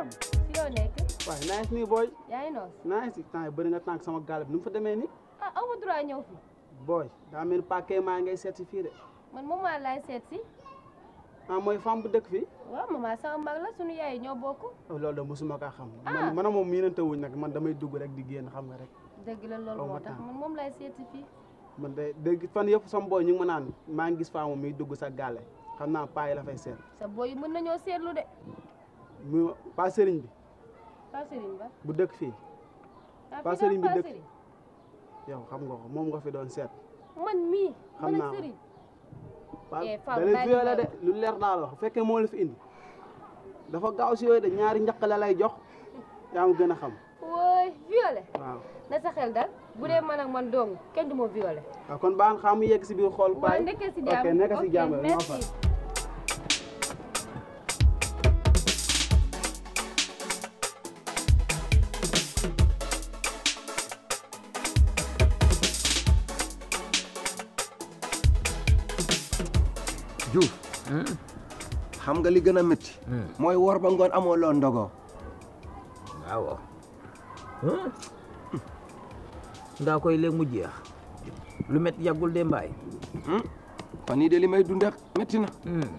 jàmm. si yoo nekk. waaye naa ngi booy. yaa ngi si temps yi bëri na tànk sama gaal bi nu fa demee nii. ah aw ma droit ñëw fi. booy daa mel paquet maa ngay seet man moom maa laay seet si. ah mooy femme bu dëkk fii. waaw maman sama mag la sunu yaay ñoo bokk. Oh, xam. Ah. man moom miinante nag man damay dugg rek di génn xam nga rek. dëgg moom laay seeti fii. man de dégg fan yëpp sama booy ñu ngi naan maa ngi gis femme miy dugg sa gaale xam naa paa yi la fay seet. sa booy yi mën nañoo seetlu de. mu pa sëriñ bi pa sëriñ ba bu dëkk fii ah, pa sëriñ bi dëkk yow xam nga ko moom nga fi doon seet man mii xam naa sëriñ da leen fi la de lu leer daal wax fekkee moo la fi indi dafa gaaw si yooyu de ñaari njaq la lay jox yaa ma gën a xam wooy violé waaw na sa xel dal bu dee man ak man dong kenn du ma violé ah, kon baan xam yegg si biir xool baay ok nekk si jàmm merci Diouf xam nga li gën a métti mooy wor ba ngoon amoo loo ndogoo waaw hmm? ndaa koy léegi mu jeex lu métti yàggul de mbaay hmm? fan yii de li may dundee métti na hmm.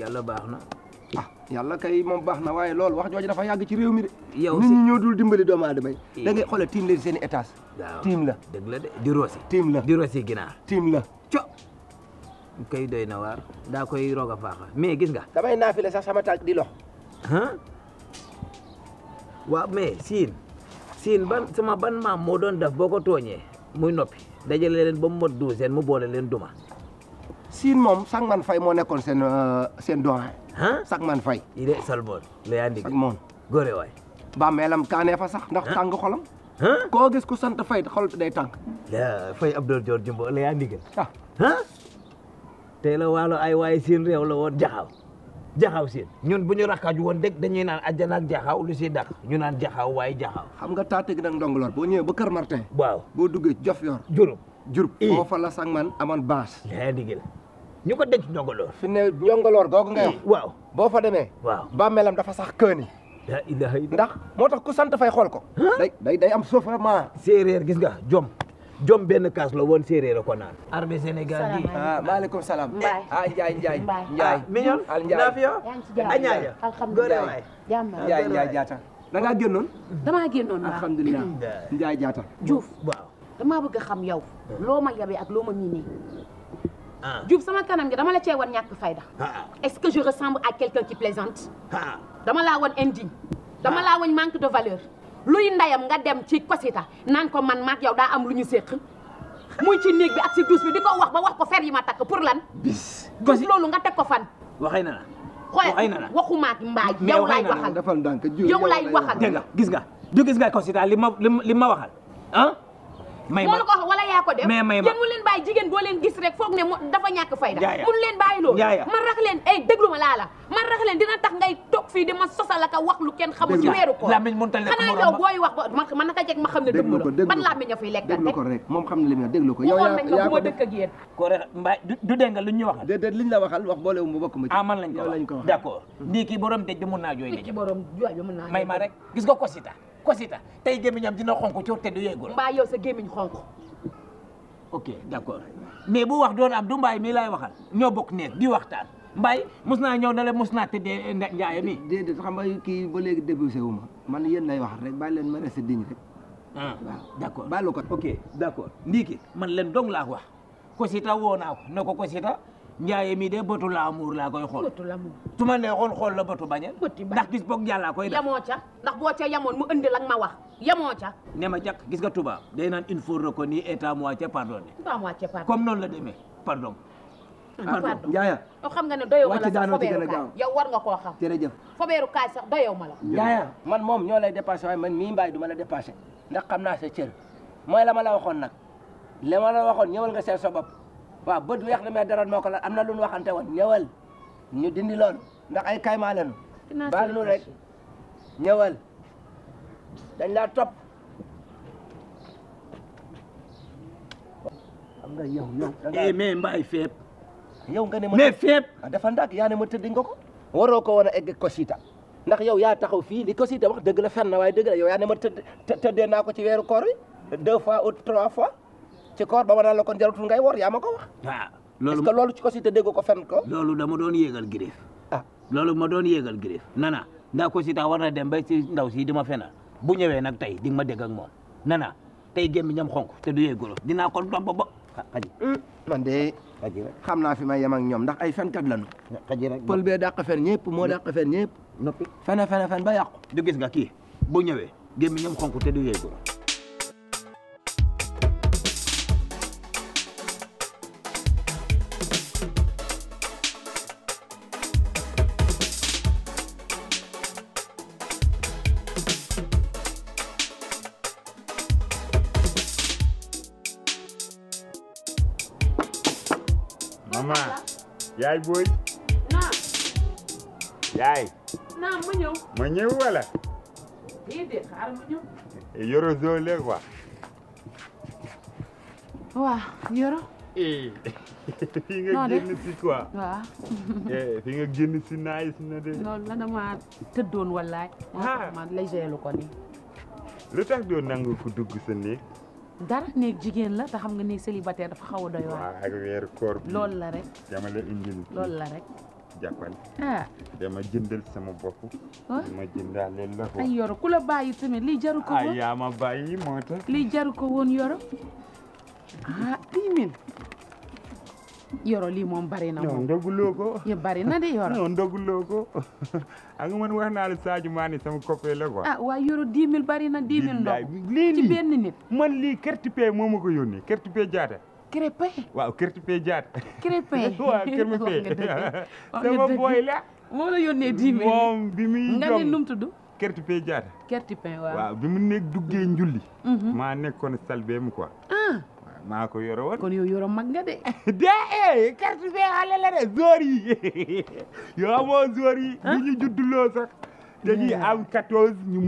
yàlla baax na ah yàlla kay moom baax na waaye loolu wax jooju dafa yàgg ci réew mi de yow nit ñi ñoo dul dimbali doomu aadama yi da ngay xoolal tiim leen seen étage tiim la dëgg la de di roosi tiim la di roosi ginaar tiim la kay doy na waar daa koy roog a faaxa mais gis nga. damay naafile sax sama tànk di lox. waaw mais siin siin ban sama ban maam moo doon def boo ko tooñee muy noppi dajale leen ba mu mot douzaine mu boole leen duma. siin moom sànq man fay moo nekkoon seen euh, seen doyen. sànq man fay. il est salmon la yaa ndig. salmon góore waay. meelam kaanee fa sax ndax tàng xolam. koo gis ku sant fay xol day tàng. fay Abdou Dior Jumbo la yaa ndig. Ah. té la walu ay way seen rew la won jaxaw jaxaw seen ñun bu ñu rakkaaju won dekk dañuy naan aljana ak jaxaw lu ci dakk ñu naan jaxaw way jaxaw xam nga nak ndong lor bo ñew ba Kër Martin waaw bo duggé jof yor jurup jurup bo fa la sax man amon bass lé digël ñuko dekk ndong lor fi ne lor gog nga wax waaw bo fa démé waaw melam dafa sax keuni la ilaha ndax motax ku sante fay xol ko day day am am souffrement séeréer gis nga jom jom benn kaas la won séré a ko naan armée Sénégal gi ah maaleykum salam ah Njaay Njaay Njaay miñon naa fi yow a ñaaja góore waay Njaay Njaay Jaata da nga gennon dama gennon alhamdoulillah Njaay Jaata Diouf waaw dama bëgg xam yow loma ma ak loma ma miinee ah. Diouf sama kanam gi dama la cee won ñak fayda ah. est-ce que je ressemble à quelqu'un qui plaisante ah. dama la won indigne dama la won manque de valeur luy ndayam nga dem ci kosita naan ko man maak yow daa am lu ñu séq muy ci néeg bi ak si duus bi di ko wax ba wax ko fer yi ma takk pour lan bis bis loolu nga teg ko fan waxay na la waxay na la waxuma ak mbaay yow laay waxal defal ndànk yow laay waxal dégg nga gis nga du gis nga kosita li ma li ma waxal ah may ma loolu ko wax mais may ma yéen mu leen bàyyi jigéen boo leen gis rax leen eh déglu ma laa la man rax leen dina tax ngay toog fii di ma sosalaka wax lu kenn xamul ci weeru ko xanaa yow booy wax ba man naka jeg ma xam ne laa meñña ma dëkk ak yéen ko rek mbaay du dégg ah, mun naa jooy dëj may ma rek gis ko sita Kosita tey gémmiñam dina xonk coow te du yeggul. mbaa yow sa gémmiñ xonk. ok d'accord mais bu wax doon am du mbaay mii lay waxal ñoo bokk nekk di waxtaan mbaay mos naa ñëw na la mos naa tëddee njaay mi. déedéet xam nga kii ba léegi débouché wu ma man yéen lay wax rek bàyyi leen ma resté diñ rek. ah d'accord bàyyi ko ok d'accord ndiiki man leen dong laa wax Kosita woo naa ko ko Kosita. njaaye mii de bëtu l'amour laa koy xool bëtu l'amour su ma neexoon xool la bëtu bañal ndax gis boog jàllaa koy def yamoo ca ndax boo ca yamoon mu indi lak ma wax yamoo ca ne ma jàkk gis nga tubaab day naan il faut reconnaître et à moitié pardonner à moitié pardon comme noonu la demee pardon pardon njaaya yow xam nga ne doyoo ma la sax fobeeru kaay yow war nga koo xam jërëjëf fobeeru kaay sax doyoo ma la njaaya man moom ñoo lay dépassé waaye man mii mbaay du ma la dépassé ndax xam naa sa cër mooy la ma la waxoon nag la ma la waxoon ñëwal nga seet sa bopp waaw bët weex na mais dara moo ko la am na lu ñu waxante woon ñëwal ñu dindi loolu ndax ay kaymaa lañu baal nu rek ñëwal dañ laa topp xam nga yow yow eh, mais mbaay fépp yow nga ne ma mais a ah, dafa ndàkk yaa ne ma tëddi nga ko waroo ko woon a egg ko siita ndax yow yaa taxaw fii li ko siita wax dëgg la fen na waaye dëgg la yow yaa ne ma tëdd tëddee naa ko ci weeru koor wi deux fois ou trois fois ci koor ba ma naan la kon jaratul ngay woor yaa ma ko wax. waaw ah, loolu ci ko si te dégg ko fenn ko. loolu dama doon yéegal Griff. ah loolu ma doon yéegal Griff. nana ndax ko si tax war na dem ba si ndaw si di ma fenal bu ñëwee nag tey di ma dégg ak moom nana tey gémmi ñam xonk te du yee golo dinaa ko domb ba ah, xaji hmm, man de xaji rek xam naa fi may yem ak ñoom ndax ay fenkat lañu ah, xaji rek pël bee dàq fen ñëpp moo dàq fen ñëpp noppi fene fen ba yàqu du gis nga kii bu ñëwee gémmi ñam xonk te du yee Mama. Yai bui. Na. Yai. Na mu ñew. Mu ñew wala? Dédé xaar mu ñew. Yoro zo le quoi. Wa, yoro. Eh. Fi nga génn si quoi? Wa. Eh, fi nga nè, si nice na mà Loolu la dama tëddoon wallaay. Ma lay jélu ko ni. Lu tax doo nangu ku dugg sa néeg? dara néeg jigéen la te xam nga néeg célibataire dafa xaw a doy waar. waaw ak weeru koor bi loolu la rek. dama la indil. loolu la rek. jàppal. ah jëndal sama bopp. Ah. ma jëndaaleel la ko. ay ku la bàyyi tamit lii jaru ko ah, woon. ay lii jaru ko woon yoro ah lii yoro lii moom bari na moom ndoguloo yo bari na de yoro non a ko ak man wax naa la Sadio Mané sama copain la quoi ah, waa yoro dix mille bari na dix mille benn nit man lii kertipe moo ma ko yónnee kertipe jaata crépin waaw kertipe jaata crépin waaw kertipe sama la moo la yónnee dix mille moom bi muy nga ne num tudd kertipe jaata kertipe waaw waaw bi mu nekk duggee njulli mhm. maa nekkoon salbeem quoi maa ko yoro woon kon yow yoro mag nga de de e carte be xale la de zoor yi yow amoo zoor yi li ñu judduloo sax dañuy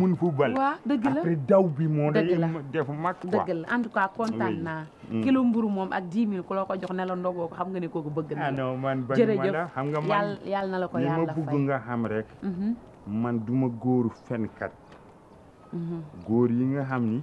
mun football waaw dëgg daw bi moo dëgg la def mag quoi tout cas kontaan naa mm. ak dix mille ku la ko jox ne la ko xam nga ne kooku bëgg na ah non man bañ man ko yàlla fay ma bëgg nga mm-hmm. duma góoru fenkat mm-hmm. góor yi nga xam ni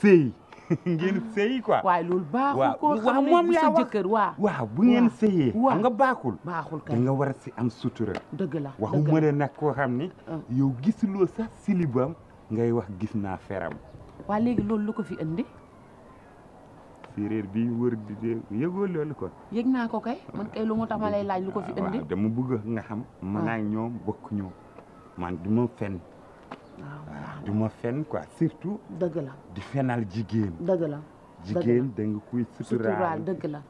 sëy ngeen ah. sëy quoi waaye loolu baaxul ko xam moom sa jëkkër waaw bu ngeen sëyee xam nga baaxul baaxul nga war si am sutura dëgg la waxuma ne nag koo xam ni ah. yow gis gisuloo sax silibam ngay wax gis naa feram waa léegi loolu lu ko fi indi séeréer bi wër di dee yëgoo yëg naa ko kay man kay lu moo tax ma lay laaj lu ko fi mu ah, dama bëgg nga xam man ak ñoom bokk ñoom man du ma fenn waaw du ma fen quoi surtout. dëgg di fenal jigéen. dëgg la jigéen da nga koy suturaal dëgg la.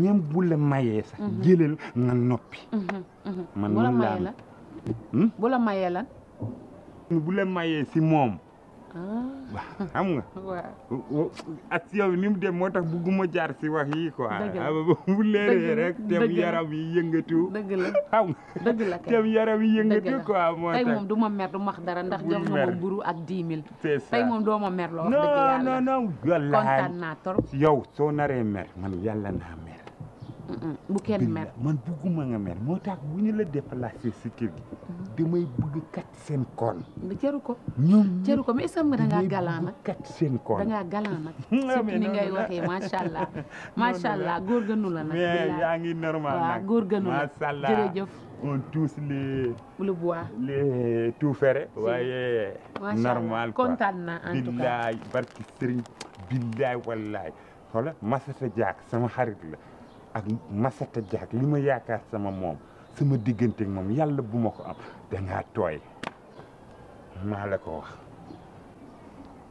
ñem bu la mayee sax. Mhm. jëlal nga noppi. Mhm, mhm. man noonu hmm? bu la mayee bu la mayee bu la mayee si moom. Ah. xam nga. waaw action bi ni mu dem moo tax bugguma jaar si wax yi quoi. dëgg la bu leeree rek. dëgg dem yaram yi yëngatu. dëgg la xam nga dëgg la moom du ma mer du ma wax dara ndax jox na ma mburu ak dix mille. c'est moom doo ma mer loo wax dëgg yàlla. non non non. kontaan naa trop. yow soo naree mer man yàlla naa mer. bu mer man bugguma mer moo tax bu ñu la déplacé si kër gi mm-hmm. kat seen koon jëru ko ñoom jëru kat seen koon da ngaa galant nag surtout ni ngay waxee macha allah macha allah góor gënu la nag mais normal nag góor gënu la macha allah jërëjëf on tous les le bois les tout ferré waaye normal quoi kontaan naa en tout cas billaay barki sëriñ billaay sama xarit la ak Massata Diack li ma yaakaar sama moom sama diggante moom yàlla bu ma ko am dangaa tooy maa la ko wax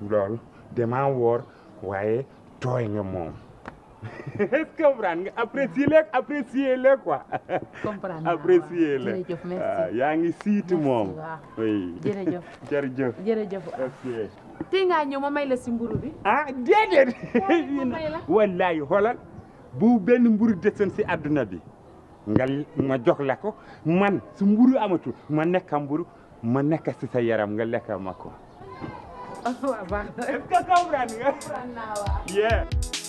loolu damaa woor waaye tooy nga moom est-ce que comprendre nga apprécier le apprécier le quoi. comprendre naa apprécier le jërëjëf merci ah, yaa ngi siiti moom. oui jërëjëf jërëjëf. jërëjëf ok. tey ngaa ñëw ma may la si mburu bi. ah déedéet. wallahi xoolal. bu benn mburu desoon si adduna bi nga ma jox la ko man su mburu amatul ma nekk mburu ma nekk si sa yaram nga lekk ma ko. waaw